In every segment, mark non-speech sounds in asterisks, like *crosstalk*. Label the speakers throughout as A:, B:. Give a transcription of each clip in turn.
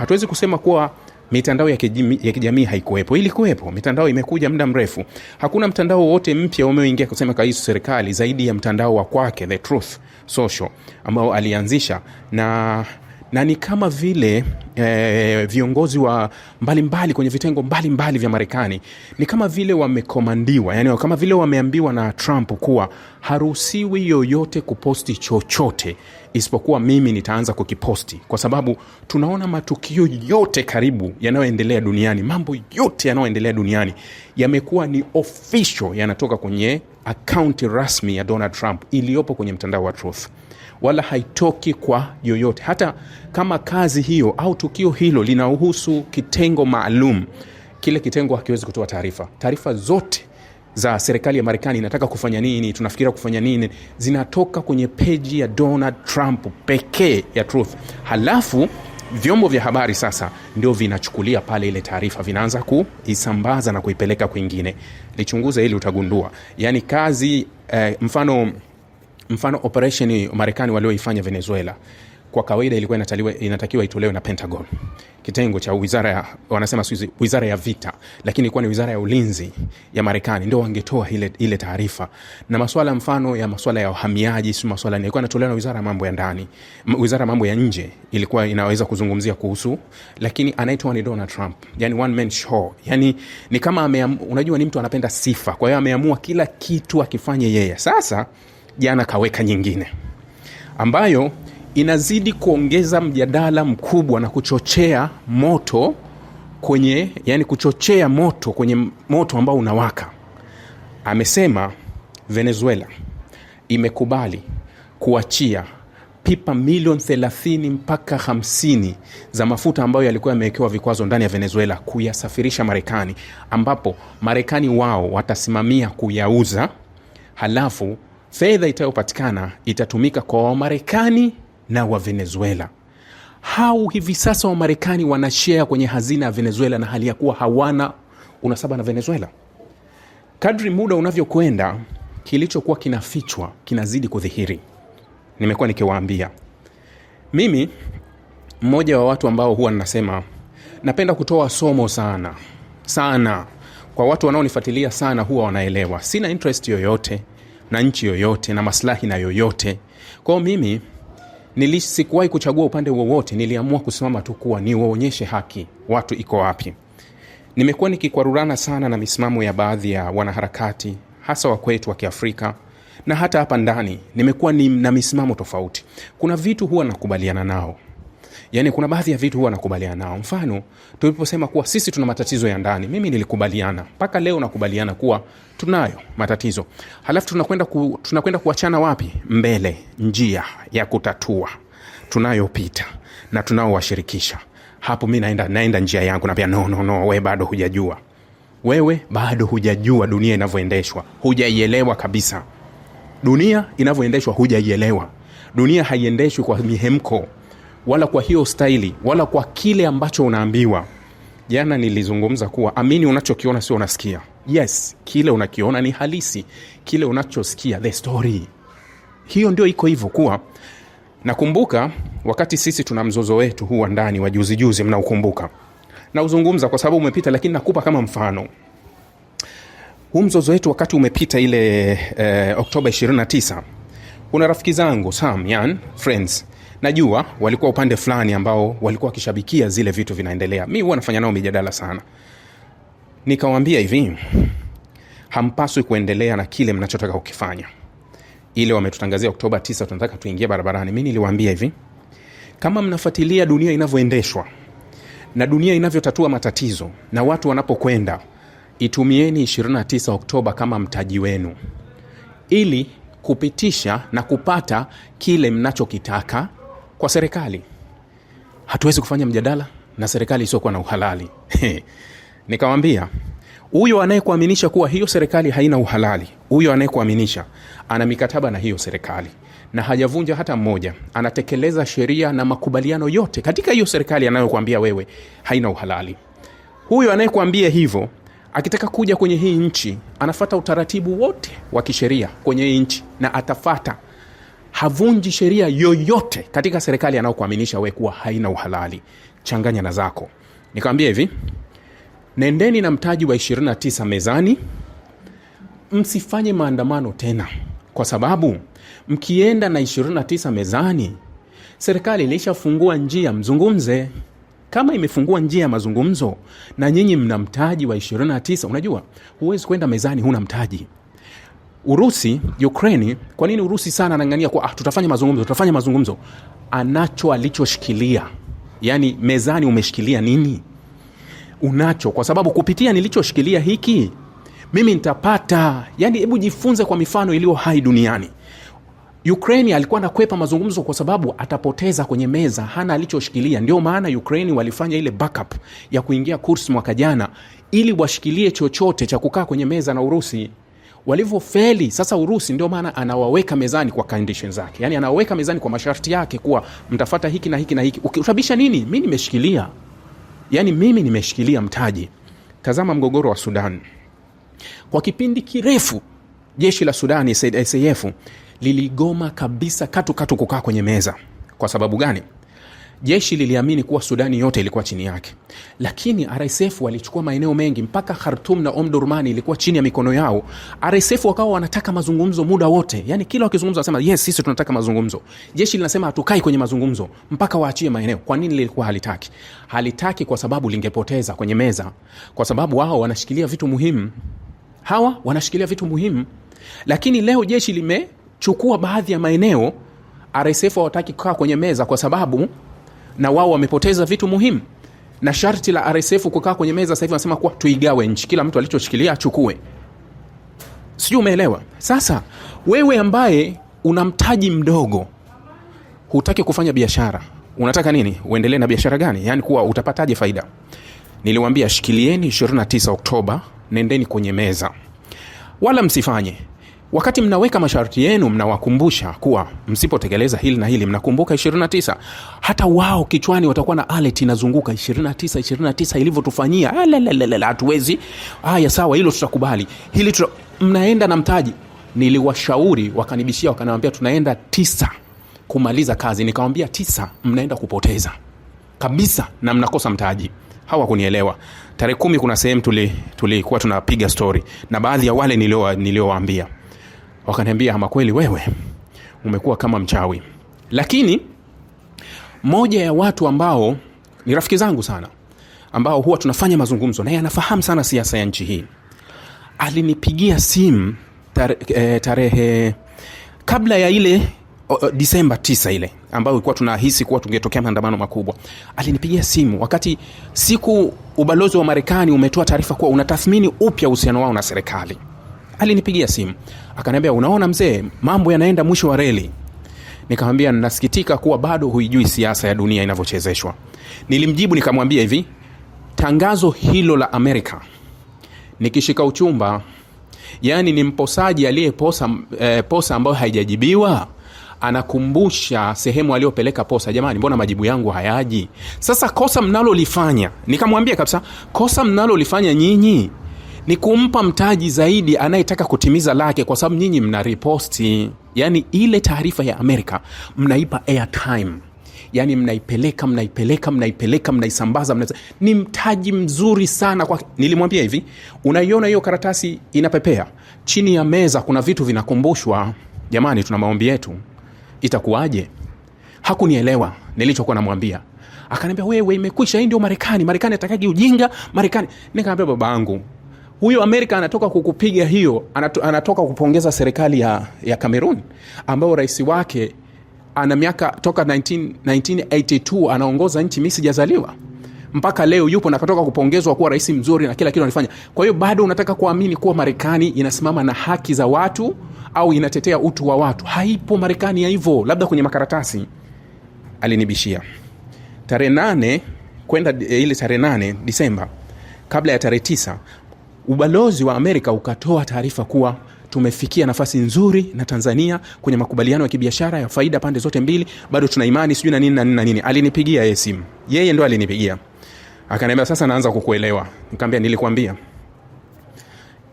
A: hatuwezi kusema kuwa mitandao ya kijamii, ya kijamii haikuwepo ilikuwepo mitandao imekuja muda mrefu hakuna mtandao wowote mpya umeoingia kusema kaisu serikali zaidi ya mtandao wa kwake the truth social ambao alianzisha na na ni kama vile e, viongozi wa mbalimbali mbali kwenye vitengo mbalimbali mbali vya Marekani ni kama vile wamekomandiwa, yani kama vile wameambiwa na Trump kuwa haruhusiwi yoyote kuposti chochote isipokuwa mimi nitaanza kukiposti, kwa sababu tunaona matukio yote karibu yanayoendelea duniani, mambo yote yanayoendelea duniani yamekuwa ni official, yanatoka kwenye akaunti rasmi ya Donald Trump iliyopo kwenye mtandao wa Truth, wala haitoki kwa yoyote. Hata kama kazi hiyo au tukio hilo linahusu kitengo maalum, kile kitengo hakiwezi kutoa taarifa. Taarifa zote za serikali ya Marekani inataka kufanya nini, tunafikiria kufanya nini, zinatoka kwenye peji ya Donald Trump pekee ya Truth halafu vyombo vya habari sasa ndio vinachukulia pale ile taarifa, vinaanza kuisambaza na kuipeleka kwingine. Lichunguza ili utagundua, yani kazi eh, mfano mfano operesheni Marekani walioifanya Venezuela kwa kawaida ilikuwa inataliwa, inatakiwa itolewe na Pentagon, kitengo cha wizara ya wanasema sisi wizara ya vita, lakini ilikuwa ni wizara ya ulinzi ya Marekani, ndio wangetoa ile, ile taarifa. Na masuala mfano ya masuala ya uhamiaji, si masuala ilikuwa inatolewa na wizara ya mambo ya ndani. Wizara ya mambo ya nje ilikuwa inaweza kuzungumzia kuhusu, lakini anaitwa ni Donald Trump, yani one man show, yani ni kama ameam, unajua ni mtu anapenda sifa, kwa hiyo ameamua kila kitu akifanye yeye. Sasa jana kaweka nyingine ambayo inazidi kuongeza mjadala mkubwa na kuchochea moto kwenye yani kuchochea moto kwenye moto ambao unawaka amesema venezuela imekubali kuachia pipa milioni 30 mpaka 50 za mafuta ambayo yalikuwa yamewekewa vikwazo ndani ya venezuela kuyasafirisha marekani ambapo marekani wao watasimamia kuyauza halafu fedha itayopatikana itatumika kwa wamarekani na wa Venezuela. hau hivi sasa Wamarekani wanashea kwenye hazina ya Venezuela na hali ya kuwa hawana unasaba na Venezuela. Kadri muda unavyokwenda, kilichokuwa kinafichwa kinazidi kudhihiri. Nimekuwa nikiwaambia mimi, mmoja wa watu ambao huwa nnasema napenda kutoa somo sana sana kwa watu wanaonifuatilia sana, huwa wanaelewa sina interest yoyote na nchi yoyote na maslahi na yoyote kwao mimi nili sikuwahi kuchagua upande wowote, niliamua kusimama tu kuwa niwaonyeshe haki watu iko wapi. Nimekuwa nikikwarurana sana na misimamo ya baadhi ya wanaharakati hasa wakwetu wa Kiafrika na hata hapa ndani nimekuwa ni na misimamo tofauti. Kuna vitu huwa nakubaliana nao yani kuna baadhi ya vitu huwa nakubaliana nao. Mfano, tuliposema kuwa sisi tuna matatizo ya ndani, mimi nilikubaliana mpaka leo nakubaliana kuwa tunayo matatizo, halafu tunakwenda ku, tunakwenda kuachana wapi? Mbele, njia ya kutatua tunayopita na tunaowashirikisha hapo. Mi naenda, naenda njia yangu, naambia no, no, no, we bado hujajua, wewe bado hujajua dunia inavyoendeshwa, hujaielewa kabisa dunia inavyoendeshwa, hujaielewa. Dunia haiendeshwi kwa mihemko wala kwa hiyo staili wala kwa kile ambacho unaambiwa. Jana nilizungumza kuwa amini unachokiona, sio unasikia. Yes, kile unakiona ni halisi, kile unachosikia the story. Hiyo ndio iko hivyo kuwa nakumbuka wakati sisi tuna mzozo wetu huu wa ndani wa juzijuzi, mnaukumbuka nauzungumza kwa sababu umepita, lakini nakupa kama mfano huu mzozo wetu wakati umepita ile eh, Oktoba 29 kuna rafiki zangu Sam, yan friends najua walikuwa upande fulani ambao walikuwa wakishabikia zile vitu vinaendelea. Mi huwa nafanya nao mijadala sana, nikawambia hivi, hampaswi kuendelea na kile mnachotaka kukifanya. Ile wametutangazia Oktoba 9 tunataka tuingie barabarani. Mi niliwaambia hivi, kama mnafuatilia dunia inavyoendeshwa na dunia inavyotatua matatizo na watu wanapokwenda, itumieni 29 Oktoba kama mtaji wenu ili kupitisha na kupata kile mnachokitaka kwa serikali. Hatuwezi kufanya mjadala na serikali isiyokuwa na uhalali. *laughs* Nikamwambia, huyo anayekuaminisha kuwa hiyo serikali haina uhalali, huyo anayekuaminisha ana mikataba na hiyo serikali na hajavunja hata mmoja, anatekeleza sheria na makubaliano yote katika hiyo serikali anayokuambia wewe haina uhalali. Huyo anayekuambia hivyo akitaka kuja kwenye hii nchi anafata utaratibu wote wa kisheria kwenye hii nchi na atafata havunji sheria yoyote katika serikali anayokuaminisha we kuwa haina uhalali. Changanya na zako. Nikawambia hivi, nendeni na mtaji wa 29 mezani, msifanye maandamano tena, kwa sababu mkienda na 29 mezani, serikali ilishafungua njia, mzungumze kama imefungua njia ya mazungumzo na nyinyi mna mtaji wa 29. Unajua, huwezi kwenda mezani huna mtaji. Urusi Ukraini, kwa nini Urusi sana anang'ania kwa ah, tutafanya mazungumzo, tutafanya mazungumzo? Anacho alichoshikilia, yani mezani umeshikilia nini? Unacho kwa sababu kupitia nilichoshikilia hiki mimi nitapata. Yani hebu jifunze kwa mifano iliyo hai duniani. Ukraini alikuwa anakwepa mazungumzo kwa sababu atapoteza kwenye meza, hana alichoshikilia. Ndio maana Ukraini walifanya ile backup ya kuingia Kurs mwaka jana, ili washikilie chochote cha kukaa kwenye meza na Urusi walivyofeli. Sasa Urusi ndio maana anawaweka mezani kwa condition zake, yani anawaweka mezani kwa masharti yake kuwa mtafata hiki na hiki na hiki. Utabisha nini? Mi nimeshikilia, yani mimi nimeshikilia mtaji. Tazama mgogoro wa Sudan kwa kipindi kirefu, jeshi la Sudani SAF liligoma kabisa katukatu kukaa kwenye meza. Kwa sababu gani? Jeshi liliamini kuwa Sudani yote ilikuwa chini yake, lakini RSF walichukua maeneo mengi mpaka Khartum na omdurmani ilikuwa chini ya mikono yao. RSF wakawa wanataka mazungumzo muda wote, yani kila wakizungumza wanasema yes, sisi tunataka mazungumzo. Jeshi linasema hatukai kwenye mazungumzo mpaka waachie maeneo. Kwa nini lilikuwa halitaki? Halitaki kwa sababu lingepoteza kwenye meza, kwa sababu wao wanashikilia vitu muhimu. Hawa wanashikilia vitu muhimu, lakini leo jeshi limechukua baadhi ya maeneo. RSF hawataki kukaa kwenye meza kwa sababu na wao wamepoteza vitu muhimu na sharti la RSF kukaa kwenye meza sasa hivi wanasema kuwa tuigawe nchi, kila mtu alichoshikilia achukue. Sijui umeelewa? Sasa wewe ambaye una mtaji mdogo, hutaki kufanya biashara, unataka nini? Uendelee na biashara gani? Yaani kuwa utapataje faida? Niliwaambia shikilieni 29 Oktoba, nendeni kwenye meza, wala msifanye Wakati mnaweka masharti yenu, mnawakumbusha kuwa msipotekeleza hili na hili, mnakumbuka 29. Hata wao kichwani watakuwa na alet inazunguka 29, 29 ilivyotufanyia, ah, hatuwezi. Haya, sawa, hilo tutakubali, hili tuta... mnaenda na mtaji. Niliwashauri wakanibishia, wakanawambia tunaenda tisa kumaliza kazi, nikawambia tisa, mnaenda kupoteza kabisa na mnakosa mtaji. Hawakunielewa. Tarehe kumi kuna sehemu tulikuwa tuli, tunapiga stori na baadhi ya wale niliowaambia wakaniambia ama kweli wewe umekuwa kama mchawi lakini moja ya watu ambao ni rafiki zangu sana ambao huwa tunafanya mazungumzo naye anafahamu sana siasa ya nchi hii alinipigia simu tare, e, tarehe kabla ya ile disemba 9 ile ambayo ilikuwa tunahisi kuwa tungetokea maandamano makubwa alinipigia simu wakati siku ubalozi wa marekani umetoa taarifa kuwa unatathmini upya uhusiano wao na serikali alinipigia simu akaniambia, unaona mzee, mambo yanaenda mwisho wa reli. Nikamwambia nasikitika kuwa bado huijui siasa ya dunia inavyochezeshwa. Nilimjibu nikamwambia hivi, tangazo hilo la Amerika nikishika uchumba, yaani ni mposaji aliyeposa eh, posa ambayo haijajibiwa anakumbusha sehemu aliyopeleka posa. Jamani, mbona majibu yangu hayaji? Sasa kosa mnalolifanya, nikamwambia kabisa, kosa mnalolifanya nyinyi ni kumpa mtaji zaidi anayetaka kutimiza lake, kwa sababu nyinyi mna riposti, yani ile taarifa ya Amerika mnaipa airtime yani mnaipeleka mnaipeleka mnaipeleka mnaisambaza mna... ni mtaji mzuri sana kwa... Nilimwambia hivi, unaiona hiyo karatasi inapepea chini ya meza, kuna vitu vinakumbushwa. Jamani, tuna maombi yetu, itakuwaje? Hakunielewa nilichokuwa namwambia, akaniambia wewe, imekwisha. Hii ndio Marekani. Marekani atakagi ujinga? Marekani. Nikaambia babangu huyu Amerika anatoka kukupiga hiyo, anatoka kupongeza serikali ya, ya Cameroon ambayo rais wake ana miaka toka 19, 1982 anaongoza nchi, mi sijazaliwa mpaka leo yupo na katoka kupongezwa kuwa rais mzuri na kila kitu anafanya. Kwa hiyo bado unataka kuamini kuwa Marekani inasimama na haki za watu au inatetea utu wa watu? Haipo Marekani ya hivyo, labda kwenye makaratasi. Alinibishia tarehe nane kwenda eh, ile tarehe nane Disemba, kabla ya tarehe tisa Ubalozi wa Amerika ukatoa taarifa kuwa tumefikia nafasi nzuri na Tanzania kwenye makubaliano ya kibiashara ya faida pande zote mbili, bado tuna imani sijui na nini na nini na nini. Alinipigia yeye simu, yeye ndo alinipigia akaniambia, sasa naanza kukuelewa. Nikamwambia, nilikwambia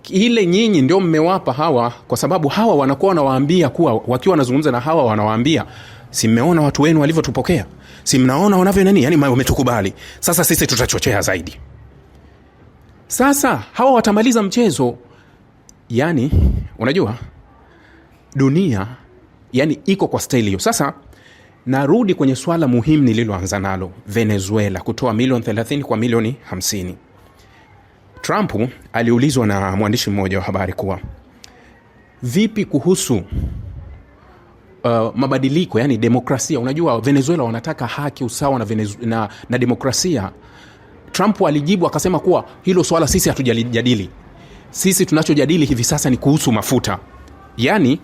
A: ile nyinyi ndio mmewapa hawa, kwa sababu hawa wanakuwa wanawaambia kuwa wakiwa wanazungumza na hawa wanawaambia, si mmeona watu wenu walivyotupokea, si mnaona wanavyo nani, yani wametukubali, sasa sisi tutachochea zaidi. Sasa hawa watamaliza mchezo. yani unajua dunia yani iko kwa staili hiyo. Sasa narudi kwenye swala muhimu nililoanza nalo, Venezuela kutoa milioni 30 kwa milioni 50. Trump aliulizwa na mwandishi mmoja wa habari kuwa vipi kuhusu uh, mabadiliko yani demokrasia. Unajua Venezuela wanataka haki, usawa na, na, na demokrasia Trump alijibu akasema kuwa hilo swala sisi hatujalijadili, sisi tunachojadili hivi sasa ni kuhusu mafuta. Yaani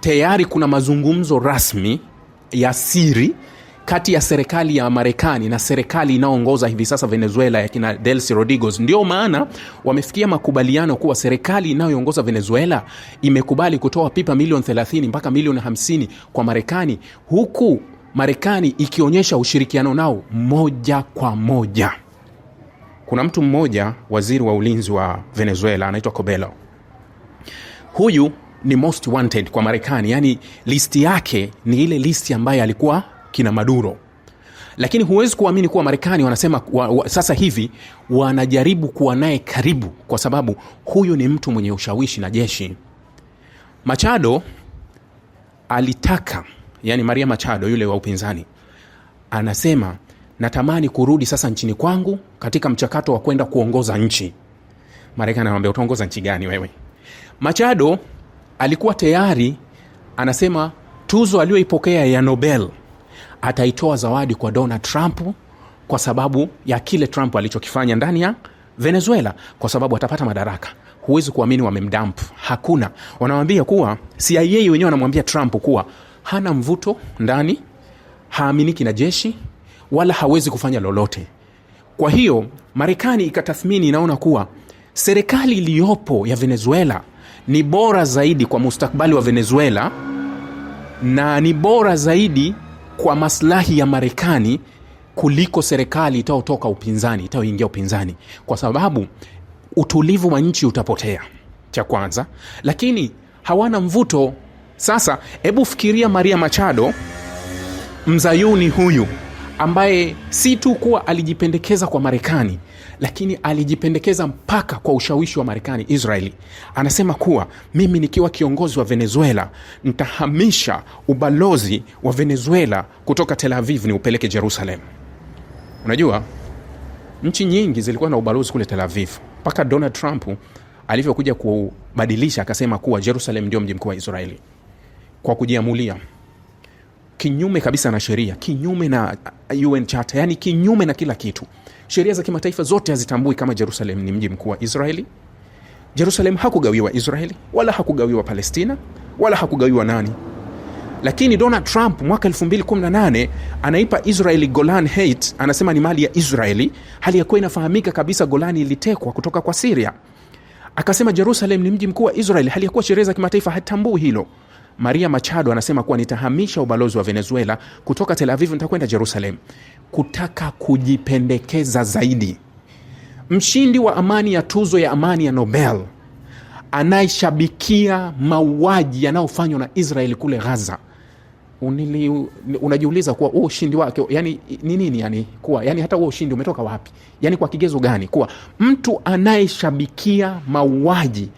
A: tayari kuna mazungumzo rasmi ya siri kati ya serikali ya Marekani na serikali inayoongoza hivi sasa Venezuela ya kina delsi rodigos Ndio maana wamefikia makubaliano kuwa serikali inayoongoza Venezuela imekubali kutoa pipa milioni 30 mpaka milioni 50 kwa Marekani, huku Marekani ikionyesha ushirikiano nao moja kwa moja kuna mtu mmoja waziri wa ulinzi wa venezuela anaitwa cobelo huyu ni most wanted kwa marekani yaani listi yake ni ile listi ambayo alikuwa kina maduro lakini huwezi kuamini kuwa marekani wanasema wa, wa, sasa hivi wanajaribu kuwa naye karibu kwa sababu huyu ni mtu mwenye ushawishi na jeshi machado alitaka yani maria machado yule wa upinzani anasema natamani kurudi sasa nchini kwangu katika mchakato wa kwenda kuongoza nchi. Marekani anamwambia utaongoza nchi gani wewe? Machado alikuwa tayari anasema tuzo aliyoipokea ya Nobel ataitoa zawadi kwa Donald Trump kwa sababu ya kile Trump alichokifanya ndani ya Venezuela, kwa sababu atapata madaraka. Huwezi kuamini wamemdamp, hakuna. Wanamwambia kuwa CIA wenyewe wanamwambia Trump kuwa hana mvuto ndani, haaminiki na jeshi wala hawezi kufanya lolote. Kwa hiyo Marekani ikatathmini, inaona kuwa serikali iliyopo ya Venezuela ni bora zaidi kwa mustakbali wa Venezuela na ni bora zaidi kwa maslahi ya Marekani kuliko serikali itayotoka upinzani, itayoingia upinzani, kwa sababu utulivu wa nchi utapotea, cha kwanza, lakini hawana mvuto. Sasa hebu fikiria Maria Machado, mzayuni huyu ambaye si tu kuwa alijipendekeza kwa Marekani, lakini alijipendekeza mpaka kwa ushawishi wa Marekani Israeli. Anasema kuwa mimi nikiwa kiongozi wa Venezuela ntahamisha ubalozi wa Venezuela kutoka Tel Aviv ni upeleke Jerusalem. Unajua, nchi nyingi zilikuwa na ubalozi kule Tel Aviv mpaka Donald Trump alivyokuja kubadilisha, akasema kuwa Jerusalem ndio mji mkuu wa Israeli kwa kujiamulia kinyume kabisa na sheria, kinyume na UN Charter, yani kinyume na kila kitu. Sheria za kimataifa zote hazitambui kama Jerusalem ni mji mkuu wa Israeli. Jerusalem hakugawiwa Israeli wala hakugawiwa Palestina wala hakugawiwa nani. Lakini Donald Trump mwaka 2018 anaipa Israeli Golan Heights, anasema ni mali ya Israeli, hali ya kuwa inafahamika kabisa Golani ilitekwa kutoka kwa Siria. Akasema Jerusalem ni mji mkuu wa Israeli, hali ya kuwa sheria za kimataifa hatambui hilo. Maria Machado anasema kuwa nitahamisha ubalozi wa Venezuela kutoka Tel Aviv nitakwenda Jerusalem kutaka kujipendekeza zaidi. Mshindi wa amani ya tuzo ya amani ya Nobel anayeshabikia mauaji yanayofanywa na Israeli kule Gaza, unili, unajiuliza kuwa huo ushindi wake yani ni nini? Yani kuwa yani hata huo ushindi umetoka wapi? Yani kwa kigezo gani? Kuwa mtu anayeshabikia mauaji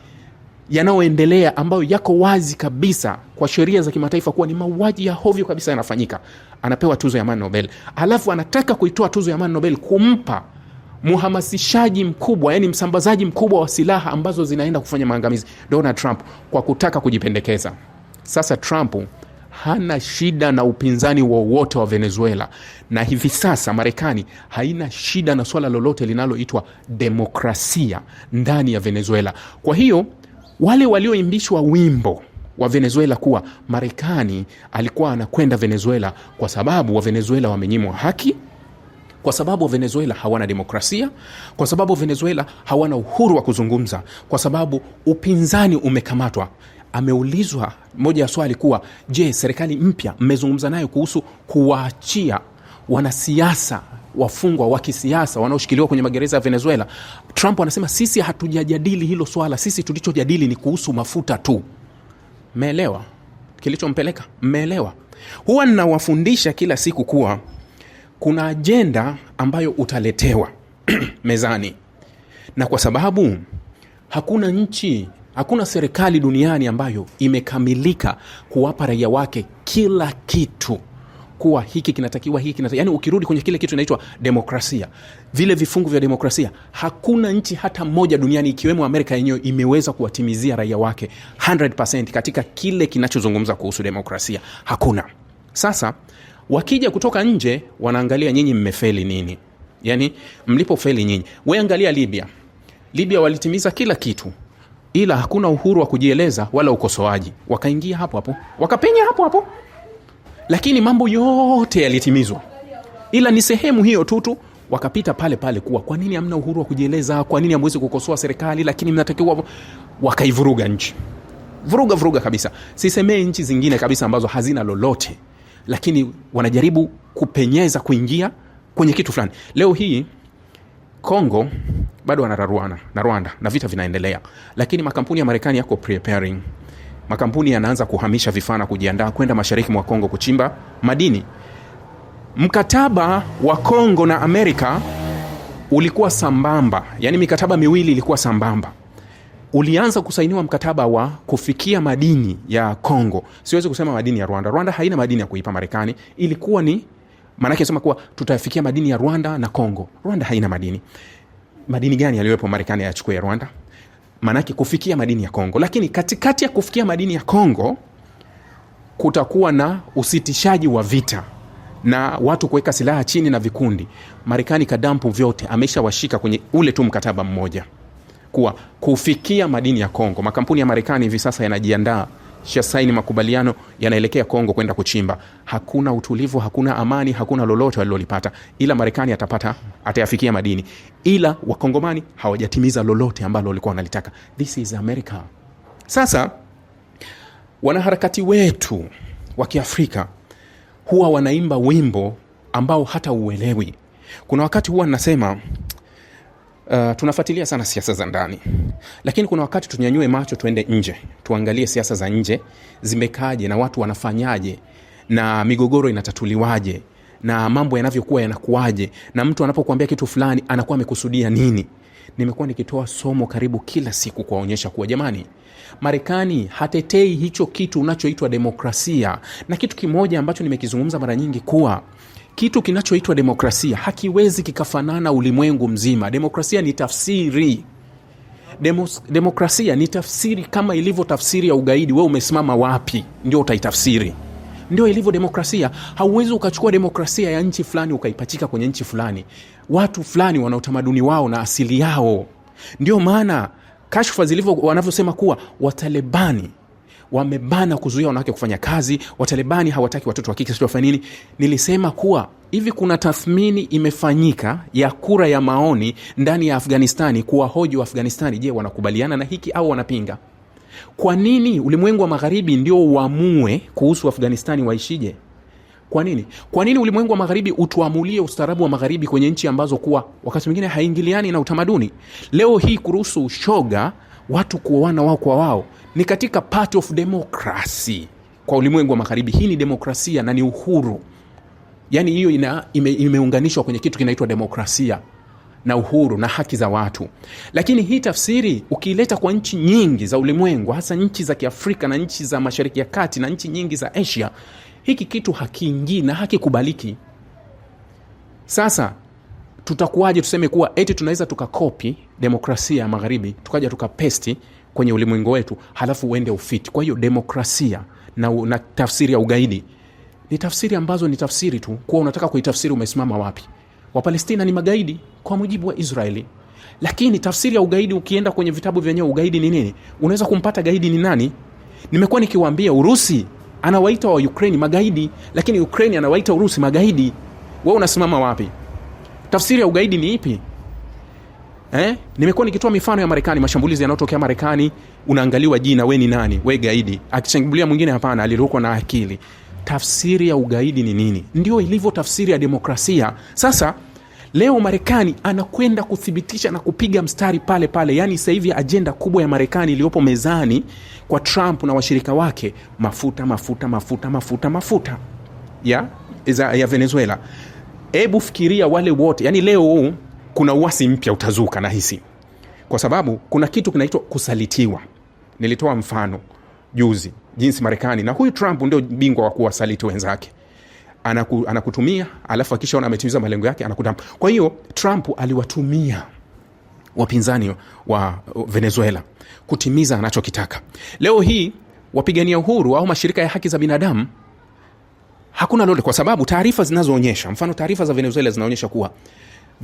A: yanayoendelea ambayo yako wazi kabisa kwa sheria za kimataifa kuwa ni mauaji ya hovyo kabisa yanafanyika, anapewa tuzo ya amani Nobel. Alafu anataka kuitoa tuzo ya amani Nobel kumpa mhamasishaji mkubwa, yani msambazaji mkubwa wa silaha ambazo zinaenda kufanya maangamizi, Donald Trump, kwa kutaka kujipendekeza. Sasa Trump hana shida na upinzani wowote wa, wa Venezuela na hivi sasa Marekani haina shida na swala lolote linaloitwa demokrasia ndani ya Venezuela. Kwa hiyo wale walioimbishwa wimbo wa Venezuela kuwa Marekani alikuwa anakwenda Venezuela kwa sababu wa Venezuela wamenyimwa haki, kwa sababu wa Venezuela hawana demokrasia, kwa sababu wa Venezuela hawana uhuru wa kuzungumza, kwa sababu upinzani umekamatwa. Ameulizwa moja ya swali kuwa je, serikali mpya mmezungumza nayo kuhusu kuwaachia wanasiasa wafungwa wa kisiasa wanaoshikiliwa kwenye magereza ya Venezuela, Trump anasema sisi hatujajadili hilo swala, sisi tulichojadili ni kuhusu mafuta tu. Mmeelewa kilichompeleka? Mmeelewa? Huwa ninawafundisha kila siku kuwa kuna ajenda ambayo utaletewa *clears throat* mezani, na kwa sababu hakuna nchi, hakuna serikali duniani ambayo imekamilika kuwapa raia wake kila kitu kuwa hiki kinatakiwa hiki kinatakiwa. Yani ukirudi kwenye kile kitu inaitwa demokrasia, vile vifungu vya demokrasia, hakuna nchi hata moja duniani ikiwemo Amerika yenyewe imeweza kuwatimizia raia wake 100% katika kile kinachozungumza kuhusu demokrasia, hakuna. Sasa wakija kutoka nje wanaangalia nyinyi mmefeli nini, yani mlipo feli nyinyi. We angalia Libya. Libya walitimiza kila kitu ila hakuna uhuru wa kujieleza wala ukosoaji, wakaingia hapo hapo wakapenya hapo hapo lakini mambo yote yalitimizwa, ila ni sehemu hiyo tutu wakapita pale pale kuwa kwa nini hamna uhuru wa kujieleza? Kwa nini hamwezi kukosoa serikali? Lakini mnatakiwa wakaivuruga nchi, vuruga vuruga kabisa. Sisemee nchi zingine kabisa ambazo hazina lolote, lakini wanajaribu kupenyeza kuingia kwenye kitu fulani. Leo hii Kongo bado wanararuana na Rwanda na vita vinaendelea, lakini makampuni ya Marekani yako preparing makampuni yanaanza kuhamisha vifaa na kujiandaa kwenda mashariki mwa Kongo kuchimba madini. Mkataba wa Kongo na Amerika ulikuwa sambamba, yaani mikataba miwili ilikuwa sambamba. Ulianza kusainiwa mkataba wa kufikia madini ya Kongo, siwezi kusema madini ya Rwanda. Rwanda haina madini ya kuipa Marekani, ilikuwa ni maanake sema kuwa tutafikia madini ya Rwanda na Kongo. Rwanda haina madini. Madini gani yaliyopo Marekani yachukue ya Rwanda? maanake kufikia madini ya Kongo, lakini katikati ya kufikia madini ya Kongo kutakuwa na usitishaji wa vita na watu kuweka silaha chini na vikundi. Marekani kadampu vyote ameshawashika kwenye ule tu mkataba mmoja kuwa kufikia madini ya Kongo. Makampuni ya Marekani hivi sasa yanajiandaa shasaini makubaliano yanaelekea Kongo kwenda kuchimba. Hakuna utulivu, hakuna amani, hakuna lolote walilolipata, ila Marekani atapata, atayafikia madini, ila wakongomani hawajatimiza lolote ambalo walikuwa wanalitaka. This is America. Sasa wanaharakati wetu wa Kiafrika huwa wanaimba wimbo ambao hata uelewi. Kuna wakati huwa nasema Uh, tunafuatilia sana siasa za ndani, lakini kuna wakati tunyanyue macho tuende nje, tuangalie siasa za nje zimekaaje na watu wanafanyaje na migogoro inatatuliwaje na mambo yanavyokuwa yanakuwaje, na mtu anapokuambia kitu fulani anakuwa amekusudia nini. Nimekuwa nikitoa somo karibu kila siku kuwaonyesha kuwa jamani, Marekani hatetei hicho kitu unachoitwa demokrasia, na kitu kimoja ambacho nimekizungumza mara nyingi kuwa kitu kinachoitwa demokrasia hakiwezi kikafanana ulimwengu mzima. Demokrasia ni tafsiri Demos, demokrasia ni tafsiri kama ilivyo tafsiri ya ugaidi. We umesimama wapi ndio utaitafsiri, ndio ilivyo demokrasia. Hauwezi ukachukua demokrasia ya nchi fulani ukaipachika kwenye nchi fulani. Watu fulani wana utamaduni wao na asili yao, ndio maana kashfa zilivyo wanavyosema kuwa Watalebani wamebana kuzuia wanawake kufanya kazi, Watalibani hawataki watoto wa kike, sijui wafanya nini. Nilisema kuwa hivi kuna tathmini imefanyika ya kura ya maoni ndani ya Afghanistani kuwahoji wa Afghanistani, je, wanakubaliana na hiki au wanapinga? Kwa nini ulimwengu wa magharibi ndio uamue kuhusu Afghanistani waishije? Kwa nini? Kwa nini ulimwengu wa magharibi utuamulie ustaarabu wa magharibi kwenye nchi ambazo kuwa wakati mwingine haingiliani na utamaduni? Leo hii kuruhusu shoga watu kuoana wao kwa wao ni katika part of democracy kwa ulimwengu wa magharibi. Hii ni demokrasia na ni uhuru, yaani hiyo ina, ime, imeunganishwa kwenye kitu kinaitwa demokrasia na uhuru na haki za watu. Lakini hii tafsiri ukiileta kwa nchi nyingi za ulimwengu, hasa nchi za Kiafrika na nchi za Mashariki ya Kati na nchi nyingi za Asia, hiki kitu hakiingii na hakikubaliki. Sasa tutakuwaje tuseme kuwa eti tunaweza tukakopi demokrasia ya magharibi tukaja tukapesti kwenye ulimwengu wetu halafu uende ufiti kwa hiyo demokrasia na, na tafsiri ya ugaidi ni tafsiri ambazo ni tafsiri tu kuwa unataka kuitafsiri umesimama wapi wapalestina ni magaidi kwa mujibu wa israeli lakini tafsiri ya ugaidi ukienda kwenye vitabu vyenyewe ugaidi ni nini unaweza kumpata gaidi ni nani nimekuwa nikiwaambia urusi anawaita wa ukraini magaidi lakini ukraini anawaita urusi magaidi we unasimama wapi tafsiri ya ugaidi ni ipi eh? Nimekuwa nikitoa mifano ya Marekani, mashambulizi yanayotokea Marekani, unaangaliwa jina, we ni nani, we gaidi, akishambulia mwingine, hapana, alirukwa na akili. Tafsiri ya ugaidi ni nini? Ndio ilivyo tafsiri ya demokrasia. Sasa leo Marekani anakwenda kuthibitisha na kupiga mstari pale pale. Yaani sasa hivi ajenda kubwa ya Marekani iliyopo mezani kwa Trump na washirika wake, mafuta, mafuta, mafuta, mafuta, mafuta ya, ya Venezuela. Hebu fikiria wale wote, yaani leo kuna uasi mpya utazuka nahisi kwa sababu kuna kitu kinaitwa kusalitiwa nilitoa mfano juzi jinsi marekani na huyu trump ndio bingwa wa kuwasaliti wenzake anaku, anakutumia alafu akishaona ametimiza malengo yake anakuta kwa hiyo trump aliwatumia wapinzani wa venezuela kutimiza anachokitaka leo hii wapigania uhuru au mashirika ya haki za binadamu hakuna lolote kwa sababu taarifa zinazoonyesha mfano taarifa za venezuela zinaonyesha kuwa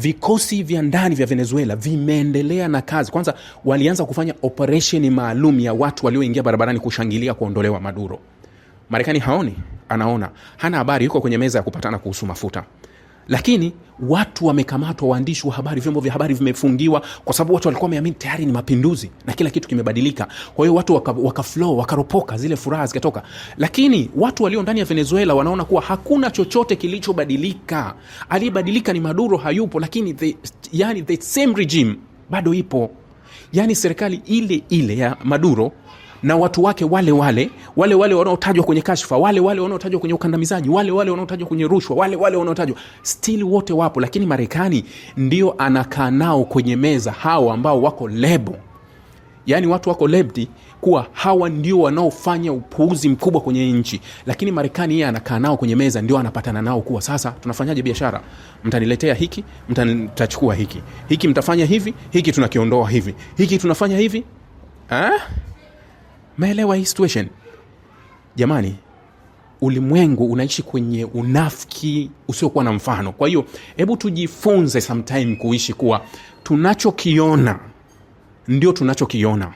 A: Vikosi vya ndani vya Venezuela vimeendelea na kazi. Kwanza walianza kufanya operesheni maalum ya watu walioingia barabarani kushangilia kuondolewa Maduro. Marekani haoni, anaona, hana habari, yuko kwenye meza ya kupatana kuhusu mafuta lakini watu wamekamatwa, waandishi wa habari, vyombo vya habari vimefungiwa, kwa sababu watu walikuwa wameamini tayari ni mapinduzi na kila kitu kimebadilika. Kwa hiyo watu wakaflow, waka wakaropoka, zile furaha zikatoka. Lakini watu walio ndani ya Venezuela wanaona kuwa hakuna chochote kilichobadilika, aliyebadilika ni Maduro, hayupo, lakini the, yani the same regime bado ipo, yani serikali ile ile ya Maduro na watu wake wale wale wale wale wanaotajwa kwenye kashfa, wale wale wanaotajwa kwenye ukandamizaji, wale wale wanaotajwa kwenye rushwa, wale wale wanaotajwa still, wote wapo, lakini Marekani ndio anakaa nao kwenye meza, hao ambao wako lebo, yaani watu wako lebdi kuwa hawa ndio wanaofanya upuuzi mkubwa kwenye nchi, lakini Marekani yeye anakaa nao kwenye meza, ndio anapatana nao kuwa sasa tunafanyaje biashara? Mtaniletea hiki, mtachukua hiki, hiki mtafanya hivi, hiki tunakiondoa hivi, hiki tunafanya hivi ha? Eh? Umeelewa hii situation jamani? Ulimwengu unaishi kwenye unafiki usiokuwa na mfano. Kwa hiyo hebu tujifunze sometime kuishi kuwa tunachokiona ndio tunachokiona.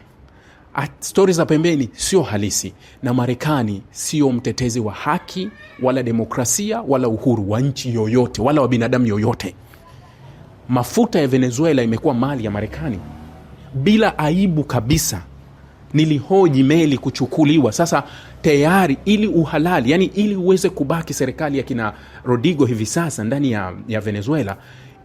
A: Stori za pembeni sio halisi, na Marekani sio mtetezi wa haki wala demokrasia wala uhuru wa nchi yoyote wala wa binadamu yoyote. Mafuta ya Venezuela imekuwa mali ya Marekani bila aibu kabisa nilihoji meli kuchukuliwa. Sasa tayari ili uhalali, yani ili uweze kubaki serikali ya kina Rodrigo hivi sasa ndani ya, ya Venezuela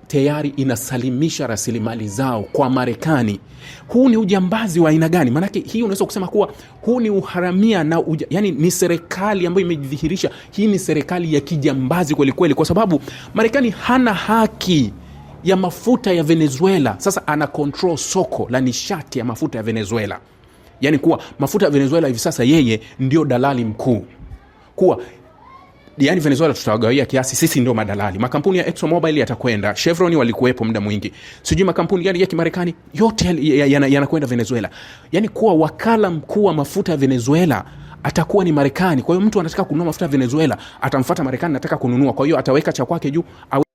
A: tayari inasalimisha rasilimali zao kwa Marekani. Huu ni ujambazi wa aina gani? Maanake hii unaweza kusema kuwa huu ni uharamia na uja, yani ni serikali ambayo imejidhihirisha, hii ni serikali ya kijambazi kwelikweli kwa sababu Marekani hana haki ya mafuta ya Venezuela. Sasa ana soko la nishati ya mafuta ya Venezuela yani kuwa mafuta ya Venezuela hivi sasa yeye ndio dalali mkuu kuwa yani Venezuela tutawagawia kiasi, sisi ndio madalali. Makampuni ya Exxon yatakwenda, Chevron walikuwepo muda mwingi, sijui makampuni gani ya Kimarekani, yote yanakwenda yana, yana Venezuela. Yani kuwa wakala mkuu wa mafuta ya Venezuela atakuwa ni Marekani. Kwa hiyo mtu anataka kununua mafuta ya Venezuela atamfuata Marekani, nataka kununua, kwa hiyo ataweka cha kwake juu.